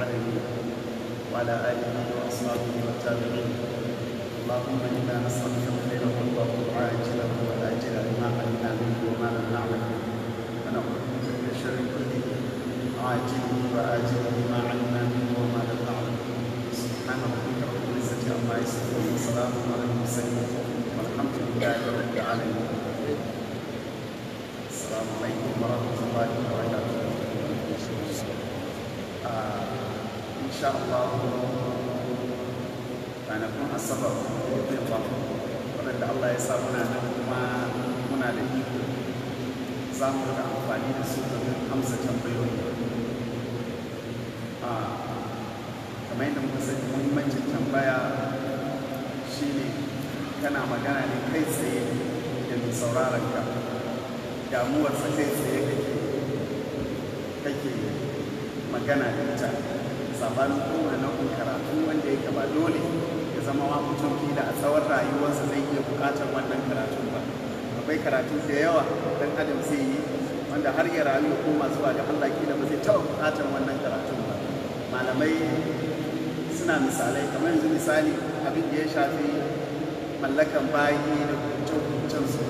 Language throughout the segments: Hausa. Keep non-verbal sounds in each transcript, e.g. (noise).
عليه وعلى آله وأصحابه والتابعين اللهم إنا نسألك الخير كله عاجله وآجله ما علمنا منه وما لم نعلم ونعوذ بك من شر كله عاجله وآجله ما علمنا منه وما لم نعلم سبحان ربك رب العزة عما يصفون وسلام على المرسلين والحمد لله رب العالمين السلام عليكم ورحمة الله وبركاته. Uh, insha Allah ranakun asabar zai ba waɗanda Allah ya sa muna nan kuma muna da iko za mu rika amfani da su domin amsa tambayoyi ah, kamar yadda muka sani muhimmancin tambaya shine kana magana ne kai tsaye da mai sauraron ka damuwarsa kai tsaye kake magana da ita sabanin kowane nau'in karatu wanda yake ba dole ya zama wa mutum da a tsawon rayuwarsa zai iya bukatar wannan karatun ba akwai karatu da yawa dan adam zai yi wanda har ya rayu ko masu ga Allah kila ba zai taɓa bukatar wannan karatun ba malamai suna misalai kamar yanzu misali abin da ya shafi mallakan bayi da hukuncen su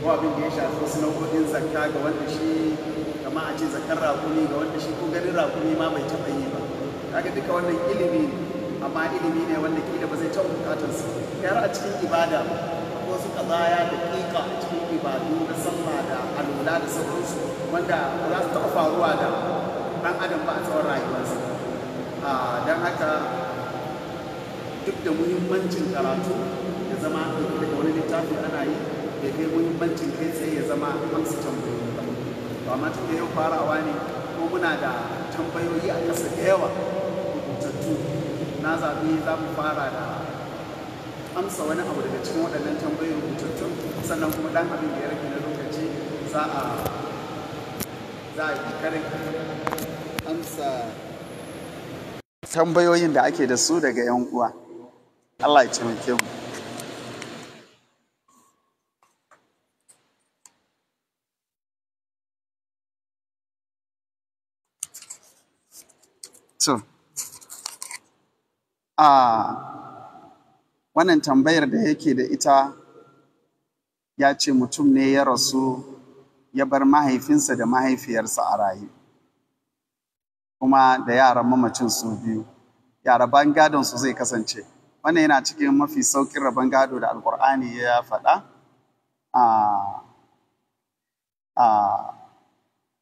ko abin da ya shafi wasu nau'o'in zakka ga wanda shi kama a ce zakar rakuni ga wanda shi ko ganin rakuni ma bai taɓa yi ba kaga duka wannan ilimi amma ilimi ne wanda kila ba zai taɓa bukatar su yara a cikin ibada ko su kazaya da kika a cikin ibadu da sallah da alwala da sauransu wanda ba za su taɓa faruwa da ɗan adam ba a tsawon rayuwarsu. don haka duk da muhimmancin karatu ya zama daga wani littafi ana yi da kai muhimmancin kai tsaye ya zama amsa tambayoyi ba amma tun da yau farawa ne ko muna da tambayoyi a ƙasa da yawa to na zaɓi za mu fara da amsa wani abu daga cikin waɗannan tambayoyin rubutattun sannan kuma ɗan abin da ya rage na lokaci za a za a amsa tambayoyin da ake da su daga 'yan uwa Allah ya taimake mu So. a wannan tambayar da yake da ita ya ce mutum ne ya rasu ya bar mahaifinsa da mahaifiyarsa a rayu. kuma da yaran mamacin su biyu yara ban gadon su zai kasance wannan yana cikin mafi saukin rabon gado da alkur'ani ya faɗa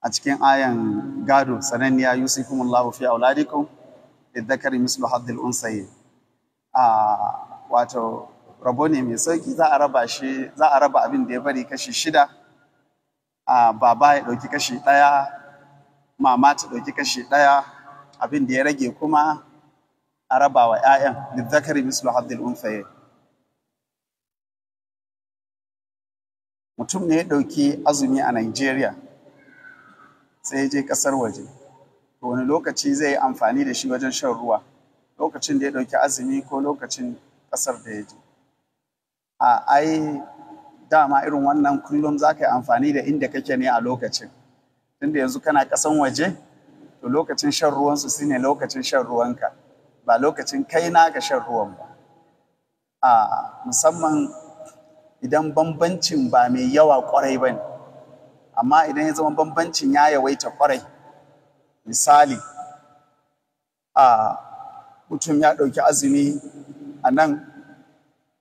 a cikin ayan gado sananniya yusufu mullahu fi auladikum lizzakari mislu haddil unsayin a wato rabo ne mai sauki za a raba shi za a raba abin da ya bari kashi shida a baba ya ɗauki kashi ɗaya mama ta ɗauki kashi ɗaya abin da ya rage kuma a raba wa 'ya'yan lizzakari mislu haddil unfaye mutum ne ya ɗauki azumi a Najeriya sai ya je ƙasar waje to wani lokaci zai yi amfani da shi wajen shan ruwa lokacin da ya ɗauki azumi ko lokacin ƙasar da ya je a ai dama irin wannan kullum za ka yi amfani da inda kake ne a lokacin tunda yanzu kana kasan waje to lokacin shan ruwansu su ne lokacin shan ruwanka ba lokacin kai na ga shan ruwan ba a musamman idan bambancin ba mai yawa kwarai ba ne amma idan ya zama bambancin ya yawaita kwarai misali a mutum ya ɗauki azumi a nan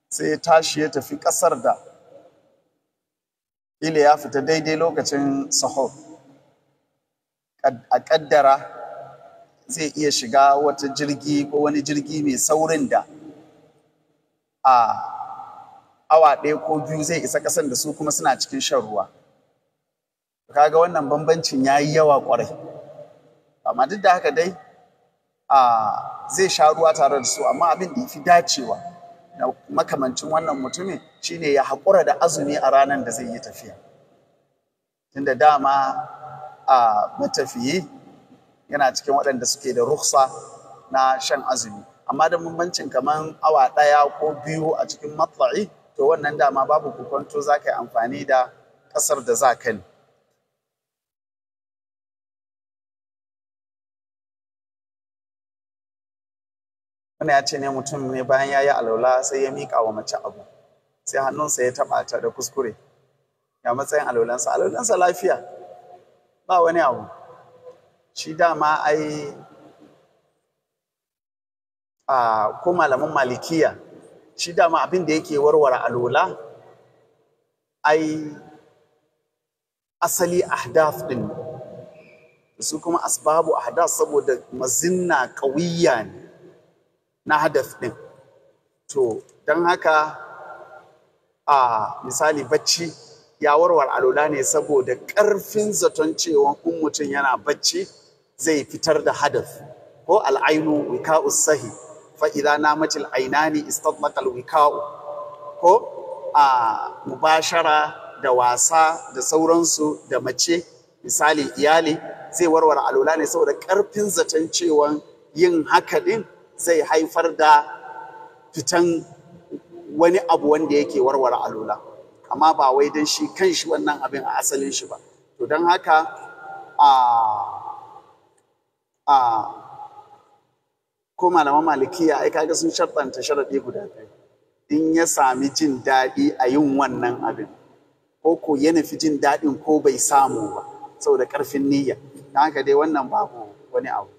sai ya tashi ya tafi ƙasar da ile ya fita daidai lokacin sahur a ƙaddara zai iya shiga wata jirgi ko wani jirgi mai saurin da a awa ɗaya ko biyu zai isa ƙasar da su kuma suna cikin shan ruwa kaga wannan bambancin ya yi yawa ƙwarai amma duk da haka dai a zai sha ruwa tare da su amma abin da ya fi dacewa na makamancin wannan mutumin shine ya haƙura da azumi a ranar da zai yi tafiya tunda dama a matafiye yana cikin waɗanda suke da ruksa na shan azumi amma da bambancin kamar awa ɗaya ko biyu a cikin matla'i to wannan dama babu kukwanto za ka yi amfani da ƙasar da za ka ne wani ya ce ne mutum ne bayan ya yi alaula sai ya miƙa wa mace abu sai hannunsa ya taɓa ta da kuskure ya matsayin alaulansa alaulansa lafiya ba wani abu shi dama ai a ko malamin malikiya shi dama abin da yake warware alola ai asali ahdaf din su kuma asbabu ahdaf saboda mazinna ƙawiyya ne na hadaf ɗin to don haka a misali bacci ya warware alola ne saboda ƙarfin zaton cewa in mutum yana bacci zai fitar da hadaf ko al'ainu wika'u sahi fa idza namatil ainani istadmaqal wika'u ko a mubashara da wasa da sauransu da mace misali iyali zai warware alola ne saboda ƙarfin zaton cewa yin haka din zai haifar da fitan wani abu wanda yake warware alula amma ba wai don shi kan shi wannan abin a asalin shi ba to don haka a a ko malaman malikiya ai kaga sun sharɗanta sharaɗi guda in ya sami jin daɗi a yin wannan abin ko ko ya nufi jin daɗin ko bai samu ba saboda ƙarfin niyya don haka dai wannan babu wani abu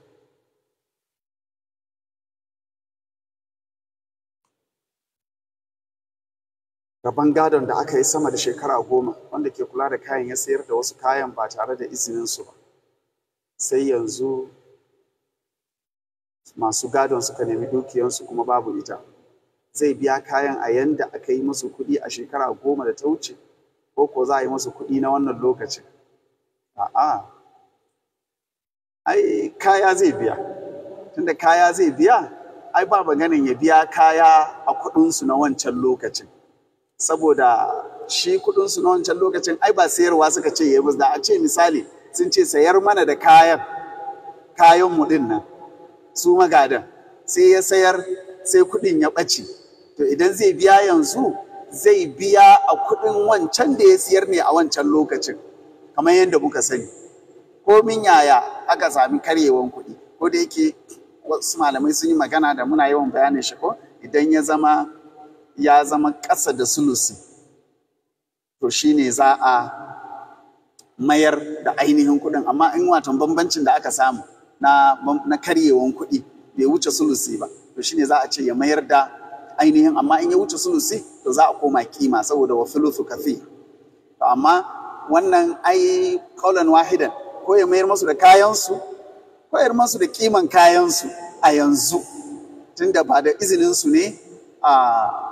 gaban gadon da aka yi sama da shekara goma wanda ke kula da kayan ya sayar da wasu kayan ba tare da izininsu ba sai yanzu masu gadon suka nemi dukiyansu kuma babu ita zai biya kayan a yanda aka yi musu kuɗi a shekara goma da ta wuce ko ko za a yi musu kuɗi na wannan lokacin a'a ai kaya zai biya tunda kaya zai biya ai ba maganin ya biya kaya a kuɗinsu na wancan lokacin saboda shi kudin su na wancan lokacin ai ba sayarwa suka ce yayi musu da a ce misali sun ce sayar mana da kayan kayan mu din nan su magadan sai ya sayar sai kudin ya ɓace to idan zai biya yanzu zai biya a kudin wancan da ya siyar ne a wancan lokacin kamar yadda muka sani Ko mun yaya aka sami karyewan kuɗi ko da yake wasu malamai sun yi magana da muna yawan bayanin shi ko idan ya zama ya zama ƙasa da sulusi to shi ne za a mayar da ainihin kuɗin amma in watan bambancin da aka samu na, karyewan kuɗi bai wuce sulusi ba to shi ne za a ce ya mayar da ainihin amma in ya wuce sulusi to za a koma kima saboda wa filufu kafi to amma wannan ai kaulan wahidan ko ya mayar masu da kayansu ko ya masu da kiman kayansu a yanzu tunda ba da su ne a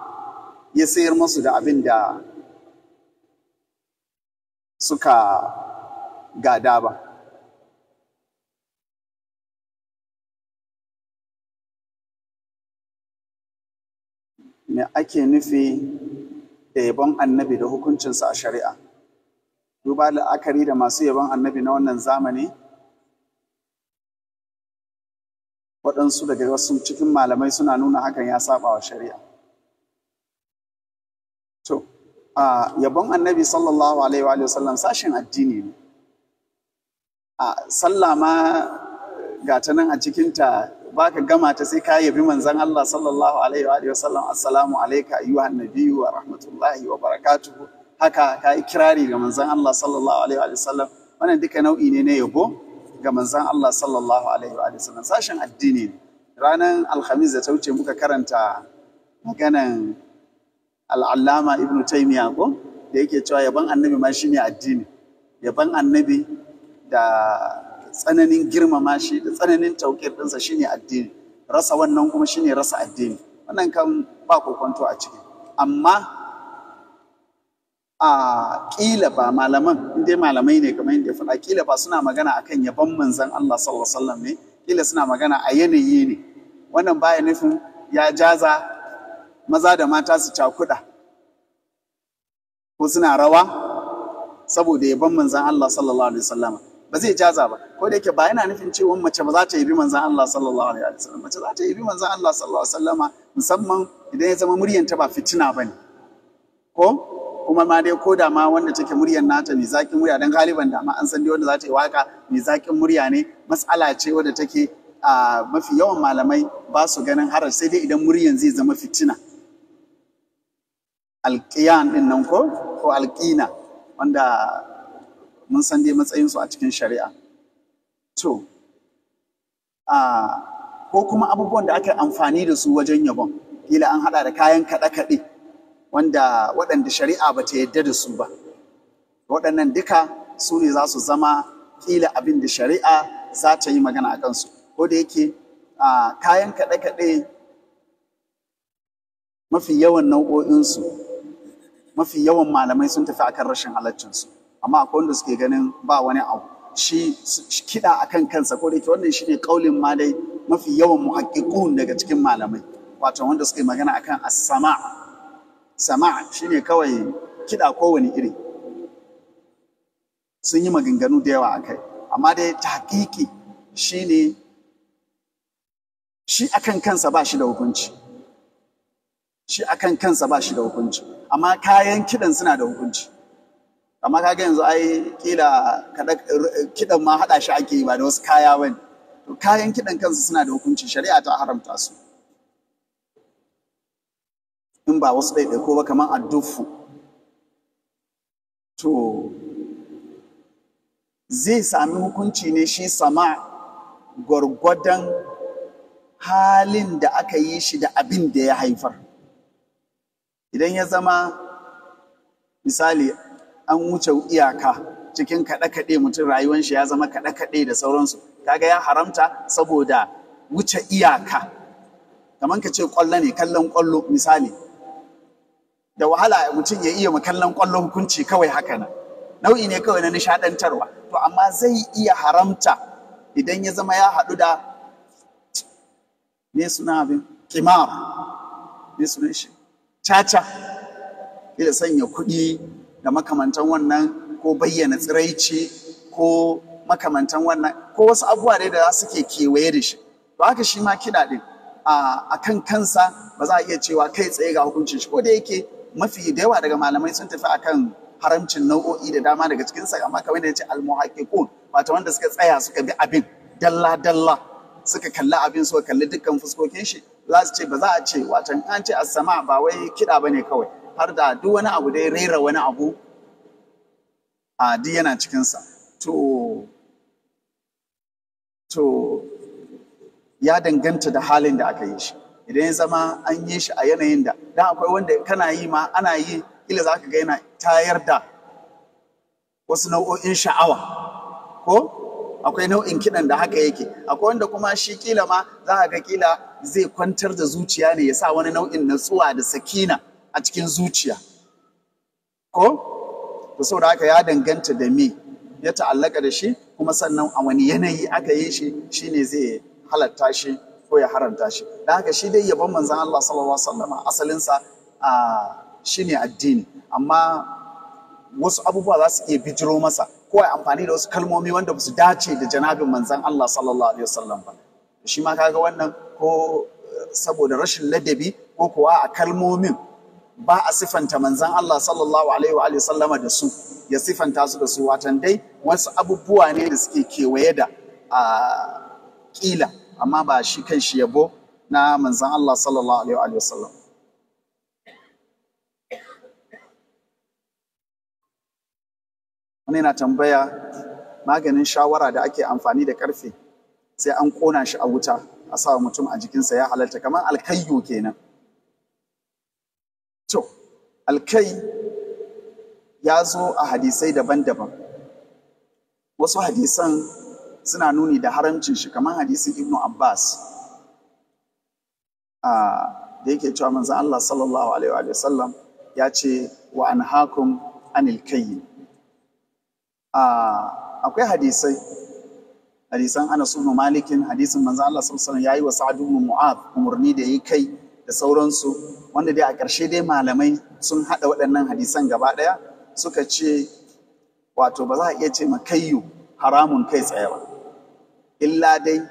ya sayar masu da abin da suka gada ba. Me ake nufi da yabon annabi da hukuncinsa a shari'a? Duba la'akari da masu yabon annabi na wannan zamani? Waɗansu daga wasu cikin malamai suna nuna hakan ya saba wa shari'a. a yabon annabi sallallahu alaihi wa sallam sashen addini ne a sallah ma ga ta nan a cikinta ba ka gama ta sai ka yabi manzan Allah sallallahu alaihi wa sallam assalamu alaika ayyuhan nabiyyu wa rahmatullahi wa barakatuhu haka ka yi kirari ga manzan Allah sallallahu alaihi wa sallam wannan duka nau'i ne na yabo ga manzan Allah sallallahu alaihi wa sallam sashen addini ne ranar alhamis da ta wuce muka karanta maganan al'allama ibn taimiya ko da yake cewa yaban annabi ma shine addini yaban annabi da tsananin girmama shi da tsananin taukir shi shine addini rasa wannan kuma shine rasa addini wannan kan ba kwakwanto a ciki amma a kila ba malaman inda malamai ne kamar yadda faɗa kila ba suna magana akan yaban manzan Allah sallallahu alaihi wasallam ne kila suna magana a yanayi ne wannan baya nufin ya jaza maza da mata su cakuɗa ko suna rawa saboda yabon manzan Allah sallallahu alaihi wasallam ba zai jaza ba ko da yake ba yana nufin cewa mace ba za ta yabi manzan Allah sallallahu alaihi wasallam mace za ta yabi manzan Allah sallallahu alaihi wasallam musamman idan ya zama ta ba fitina bane ko kuma ma dai ko da ma wanda take muryar nata mai zakin murya dan galiban da ma an san dai wanda za ta yi waka mai zakin murya ne matsala ce wanda take a ah, mafi yawan malamai ba su ganin harar sai dai idan muryan zai zama fitina alƙiyan ɗin nan ko ko alƙina wanda mun san dai matsayinsu a cikin shari'a to ko kuma abubuwan da aka amfani da su wajen yabon kila an haɗa da kayan kaɗe-kaɗe wanda waɗanda shari'a ba ta yadda da su ba waɗannan duka su ne za su zama kila abin da shari'a za ta yi magana a kansu ko da yake kayan kaɗe-kaɗe mafi yawan nau'o'insu mafi yawan malamai sun tafi akan rashin halaccinsu amma akwai wanda suke ganin ba wani abu shi kiɗa akan kansa ko da wannan shine kaulin ma dai mafi yawan muhaqqiqun daga cikin malamai wato wanda suke magana akan as-sama sama shine kawai kiɗa kowane iri sun yi maganganu da yawa akai amma dai hakiki shine shi akan kansa ba shi da hukunci shi akan kansa ba shi da hukunci amma kayan kidan suna da hukunci amma kaga yanzu ai kila kidan ma hada shi ake yi ba da wasu kaya bane to kayan kidan kansu suna da hukunci shari'a ta haramta su in ba wasu ko ba kamar addufu to zai sami hukunci ne shi sama gwargwadon halin da aka yi shi da abin da ya haifar idan ya zama misali an wuce iyaka cikin kaɗe-kaɗe mutum rayuwan shi ya zama kaɗe-kaɗe da sauransu kaga ya haramta saboda wuce iyaka kamar ka ce ƙwallo ne kallon ƙwallo misali da wahala mutum ya iya kallon ƙwallo hukunci kawai haka nan nau'i ne kawai na nishaɗantarwa to amma zai iya haramta idan ya zama ya haɗu da me suna abin kimar me sunan shi caca ya sanya kuɗi da makamantan wannan ko bayyana tsiraici ko makamantan wannan ko wasu abubuwa ne da ke kewaye da shi to haka shi ma kiɗa ɗin a kan kansa ba za a iya cewa kai tsaye ga hukuncin shi ko da yake mafi da yawa daga malamai sun tafi akan haramcin nau'o'i da dama daga cikinsa amma kamar da ya ce Ba wato wanda suka tsaya suka bi abin dalla dalla suka kalli abin suka kalli dukkan fuskokin shi za su ce ba za a ce watan an ce sama ba wai kiɗa ba ne kawai har da duk wani abu dai rera wani abu a duk yana cikinsa to to ya danganta da halin da aka yi shi idan ya zama an yi shi a yanayin da dan akwai wanda kana yi ma ana yi kila za ka ga yana tayar da wasu nau'o'in sha'awa ko akwai nau'in kiɗan da haka yake akwai wanda kuma shi kila ma za a ga kila zai kwantar da zuciya ne ya sa wani nau'in natsuwa da sakina a cikin zuciya ko to saboda haka ya danganta da me ya ta'allaka da shi kuma sannan a wani yanayi aka yi shi shine zai halatta shi ko ya haranta shi da haka shi dai yabon manzon Allah sallallahu alaihi wasallam asalinsa sa shine addini amma wasu abubuwa za su iya bijiro masa ko amfani da wasu kalmomi wanda su dace da janabin manzan Allah sallallahu alaihi wasallam ba shi ma kaga wannan ko eh, saboda rashin ladabi ko kuwa a kalmomin ba a sifanta manzan Allah sallallahu alaihi wa sallama da su ya sifanta su da su watan dai wasu abubuwa ne da suke kewaye da a kila amma ba shi kan shi yabo na manzan Allah sallallahu alaihi wa sallam wani yana tambaya maganin shawara da ake amfani da karfe sai an kona shi a wuta a sa mutum a jikinsa ya halarta kamar alkayyo kenan to alkai ya zo a hadisai daban-daban wasu hadisan suna nuni da haramcin shi kamar hadisin ibnu abbas da yake cewa manzan allah sallallahu alaihi wa sallam ya ce wa an hakun anil akwai hadisai hadisan Anas ibn Malikin hadisin manzo Allah sallallahu alaihi wasallam yayi wa Sa'd ibn umarni umurni da yayi kai da sauransu wanda dai a ƙarshe dai malamai sun hada waɗannan hadisan gaba ɗaya suka ce wato ba za a iya ce ma makayyu haramun kai tsaye ba illa dai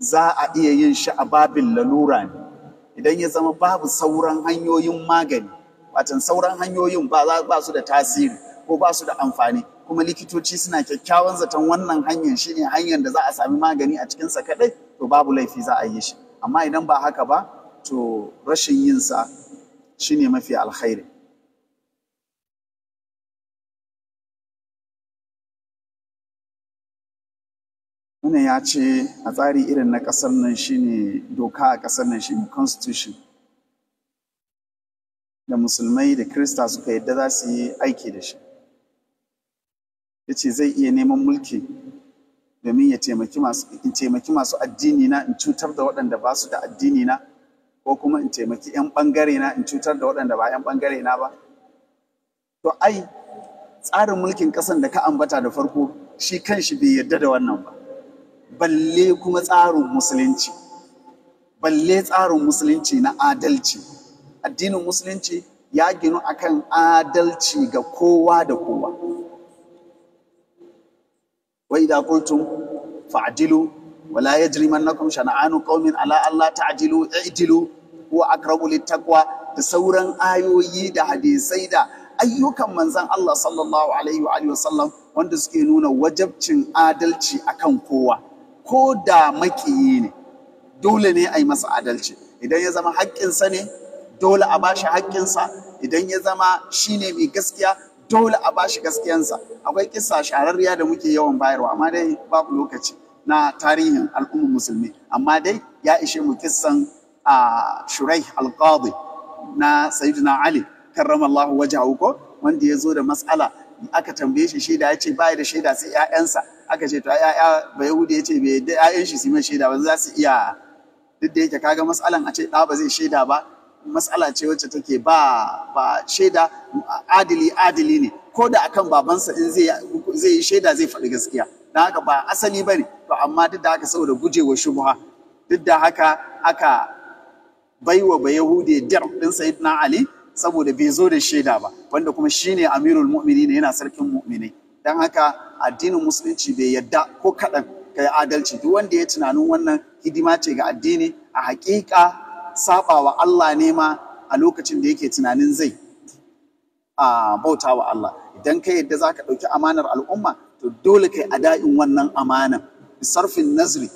za a iya yin shi a babin lalura ne idan ya zama babu sauran hanyoyin magani watan sauran hanyoyin ba su da tasiri ko ba su da amfani kuma likitoci suna kyakkyawan zaton wannan hanyar ne hanyar da za a sami magani a cikinsa kaɗai to babu laifi za a yi shi amma idan ba haka ba to rashin yinsa ne mafi alkhairi wannan ya ce a tsari irin na ƙasar nan shi ne doka a ƙasar nan shi ne constitution da musulmai da krista suka yadda za su yi aiki da shi ya ce zai iya neman mulki domin ya taimaki masu addini na in cutar da waɗanda ba su da addini na ko kuma in taimaki 'yan ɓangare na in cutar da waɗanda ba 'yan ɓangare na ba to ai tsarin mulkin ƙasan da ka ambata da farko shi kanshi bai yarda da wannan ba balle kuma tsarin musulunci balle tsarin musulunci na adalci addinin musulunci ya ginu akan adalci ga kowa da kowa wa idza qultum fa'dilu wa la yajrimannakum shana'anu qaumin ala alla ta'dilu i'dilu huwa aqrabu littaqwa da sauran ayoyi da hadisai da ayyukan manzon Allah sallallahu alaihi wa alihi wanda suke nuna wajabcin adalci akan kowa ko da makiyi ne dole ne a yi masa adalci idan ya zama haƙƙinsa ne dole a bashi haƙƙinsa idan ya zama shi ne mai gaskiya dole a ba bashi gaskiyansa akwai kisa shararriya da muke yawan bayarwa amma dai babu lokaci na tarihin al'ummar musulmi amma dai ya ishe mu kissan a shurai alqadi na sayyidina ali karramallahu wajahu ko wanda ya zo da matsala aka tambaye shi shaida ya ce bai da shaida sai ƴaƴansa aka ce to ƴaƴa ba yahudi ya ce bai da ƴaƴan shi su mai shaida ba za su iya duk da yake kaga matsalan a ce da ba zai shaida ba matsala ce wacce take ba ba shaida adili adili ne ko da akan babansa in zai yi shaida zai faɗi gaskiya don haka ba asali bane to amma duk da haka saboda gujewa shubha duk da haka aka baiwa ba Yahudi dir. din Sayyidina Ali saboda bai zo da shaida ba wanda kuma shine Amirul mumini ne yana sarkin mu'minai don haka addinin musulunci bai yadda ko kaɗan kai adalci duk wanda ya tunanin wannan hidima ce ga addini a haƙiƙa saba wa Allah ne ma a lokacin da yake tunanin zai a bauta wa Allah idan ka yadda za ka ɗauki amanar al'umma to dole kai ada'in wannan amanan sarfin nazri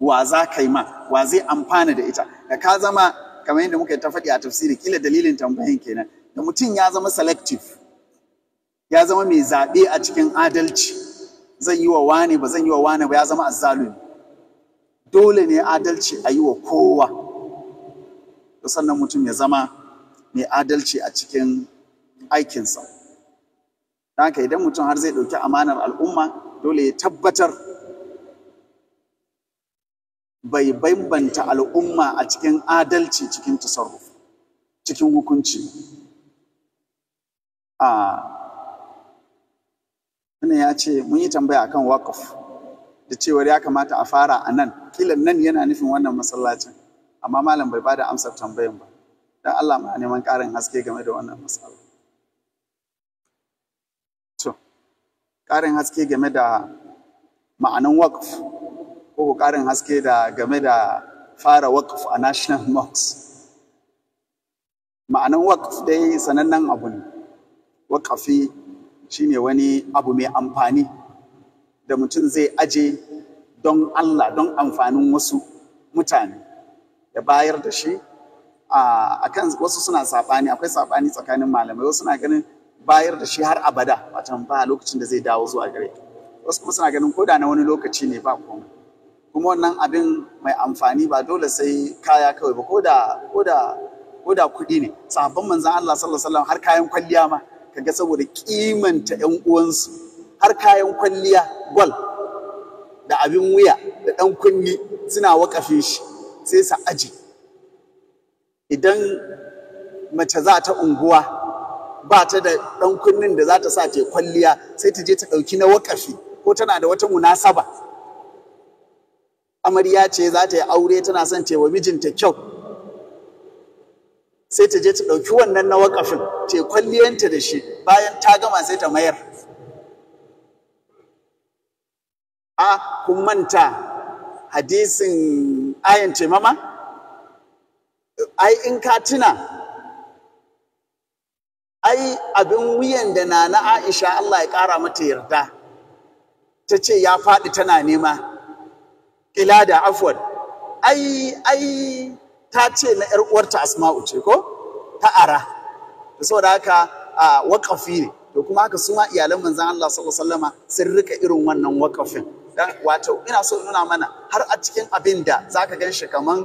wa za ka yi ma wa zai amfana da ita da ka zama kamar yadda muka yi ta faɗi a tafsiri kila dalilin tambayin kenan da mutum ya zama selective ya zama mai zaɓe a cikin adalci zan yi wa wane ba zan yi wa wane ba ya zama azzalumi dole ne adalci a yi wa kowa sannan mutum ya zama mai adalci a cikin aikinsa don haka idan mutum har zai ɗauki amanar al'umma dole ya tabbatar bai bambanta al'umma a cikin adalci cikin tasarruf cikin hukunci a wani ya ce mun yi tambaya akan wakaf da cewar ya kamata a fara a nan kilan nan yana nufin wannan masallacin amma malam bai bada amsar tambayan ba dan Allah ma neman ƙarin haske game da wannan matsala to ƙarin haske game da ma'anan waqf ko ƙarin haske da game da fara waqf a national (laughs) mosque ma'anan waqf dai sanannen abu ne waqafi shine wani abu mai amfani da mutum zai aje don Allah don amfanin wasu mutane ya bayar da shi a kan wasu suna saɓani akwai saɓani tsakanin malamai wasu suna ganin bayar da shi har abada watan ba lokacin da zai dawo zuwa gare wasu kuma suna ganin koda na wani lokaci ne ba kuma. kuma wannan abin mai amfani ba dole sai kaya kawai ba koda koda kuɗi ne sahabban manzon Allah sallallahu alaihi wasallam har kayan kwalliya ma kaga saboda kimanta ƴan uwansu har kayan kwalliya gwal da abin wuya da ɗan kunni suna wakafin shi sai sa aji idan mace za ta unguwa ba ta da ɗan kunnin da za ta sa ta kwalliya sai ta je ta ɗauki na wakafi ko tana da wata munasaba amarya ce za ta yi aure tana son ta yi wa mijinta kyau sai ta je ta ɗauki wannan na wakafin ta kwalliyanta da shi bayan ta gama sai ta mayar a kun manta hadisin ayan mama ai in ka tuna ai abin wuyan da na aisha Allah ya ƙara mata yarda ta ce ya faɗi tana nema ƙila da afuwar ai ai ta ce na ‘yar uwarta asma'u ce ko ta ara saboda haka a waƙafi ne to kuma haka suma iyalan manzan Allah sallallahu alaihi wasallama sun rika irin wannan waƙafin dan wato ina so nuna mana har a cikin abin da zaka gan shi kaman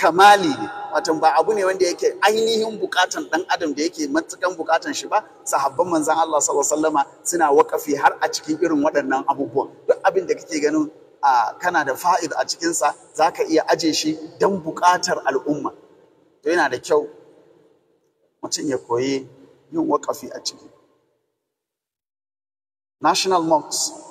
kamali ne wato ba abu ne wanda yake ainihin bukatan dan adam da yake matukan bukatan shi ba sahabban manzon Allah sallallahu alaihi wasallama suna wakafi har a cikin irin waɗannan abubuwan duk abin da kake ganin a kana da fa'id a cikinsa za ka iya aje shi dan bukatar al'umma to yana da kyau mutum ya koyi yin wakafi a ciki national mosque